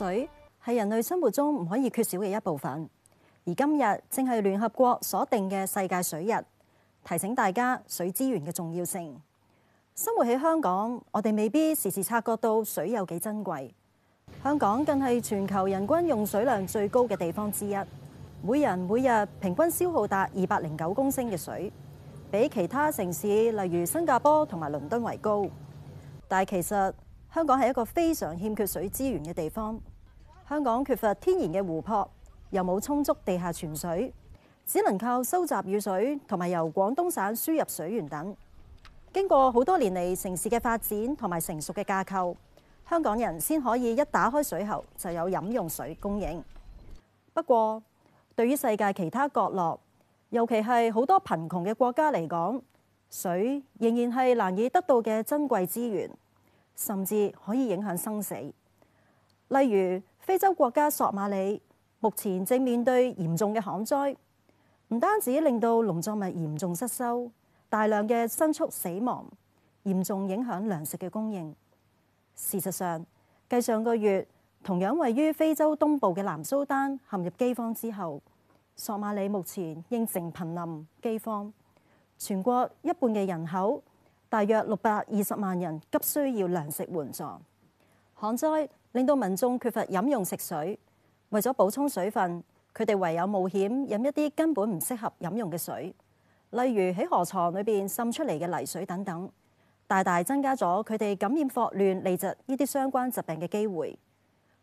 水，係人類生活中唔可以缺少嘅一部分，而今日正係聯合國所定嘅世界水日，提醒大家水資源嘅重要性。生活喺香港，我哋未必時時察覺到水有幾珍貴。香港更係全球人均用水量最高嘅地方之一，每人每日平均消耗達二百零九公升嘅水，比其他城市，例如新加坡同埋倫敦為高。但係其實香港係一個非常欠缺水資源嘅地方。香港缺乏天然嘅湖泊，又冇充足地下泉水，只能靠收集雨水同埋由廣東省輸入水源等。經過好多年嚟城市嘅發展同埋成熟嘅架構，香港人先可以一打開水喉就有飲用水供應。不過，對於世界其他角落，尤其係好多貧窮嘅國家嚟講，水仍然係難以得到嘅珍貴資源，甚至可以影響生死。例如非洲國家索馬里目前正面對嚴重嘅旱災，唔單止令到農作物嚴重失收，大量嘅牲畜死亡，嚴重影響糧食嘅供應。事實上，繼上個月同樣位於非洲東部嘅南蘇丹陷入饑荒之後，索馬里目前應正瀕臨饑荒，全國一半嘅人口，大約六百二十萬人急需要糧食援助。旱災，令到民眾缺乏飲用食水，為咗補充水分，佢哋唯有冒險飲一啲根本唔適合飲用嘅水，例如喺河床裏邊滲出嚟嘅泥水等等，大大增加咗佢哋感染霍亂、痢疾呢啲相關疾病嘅機會。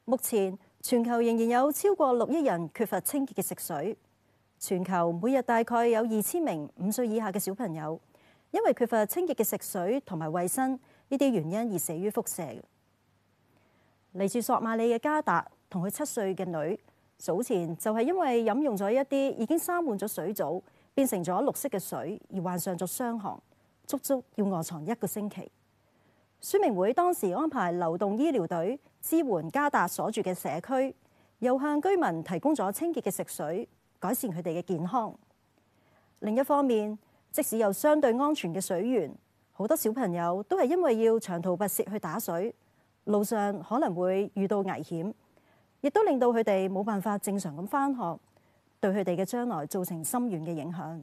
目前全球仍然有超過六億人缺乏清潔嘅食水，全球每日大概有二千名五歲以下嘅小朋友因為缺乏清潔嘅食水同埋衛生呢啲原因而死於腹瀉。嚟自索馬里嘅加達同佢七歲嘅女，早前就係因為飲用咗一啲已經生滿咗水藻，變成咗綠色嘅水，而患上咗傷寒，足足要卧、呃、床一個星期。宣明會當時安排流動醫療隊支援加達所住嘅社區，又向居民提供咗清潔嘅食水，改善佢哋嘅健康。另一方面，即使有相對安全嘅水源，好多小朋友都係因為要長途跋涉去打水。路上可能會遇到危險，亦都令到佢哋冇辦法正常咁返學，對佢哋嘅將來造成深遠嘅影響。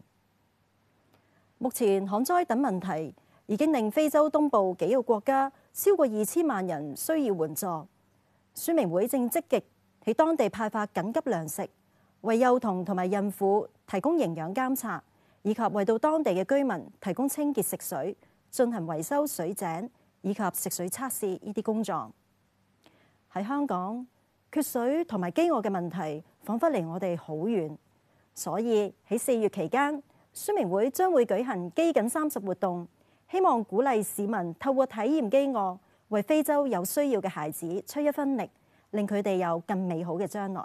目前旱災等問題已經令非洲東部幾個國家超過二千萬人需要援助。宣明會正積極喺當地派發緊急糧食，為幼童同埋孕婦提供營養監察，以及為到當地嘅居民提供清潔食水，進行維修水井。以及食水測試呢啲工作。喺香港缺水同埋飢餓嘅問題，彷彿離我哋好遠。所以喺四月期間，宣明會將會舉行飢饉三十活動，希望鼓勵市民透過體驗飢餓，為非洲有需要嘅孩子出一分力，令佢哋有更美好嘅將來。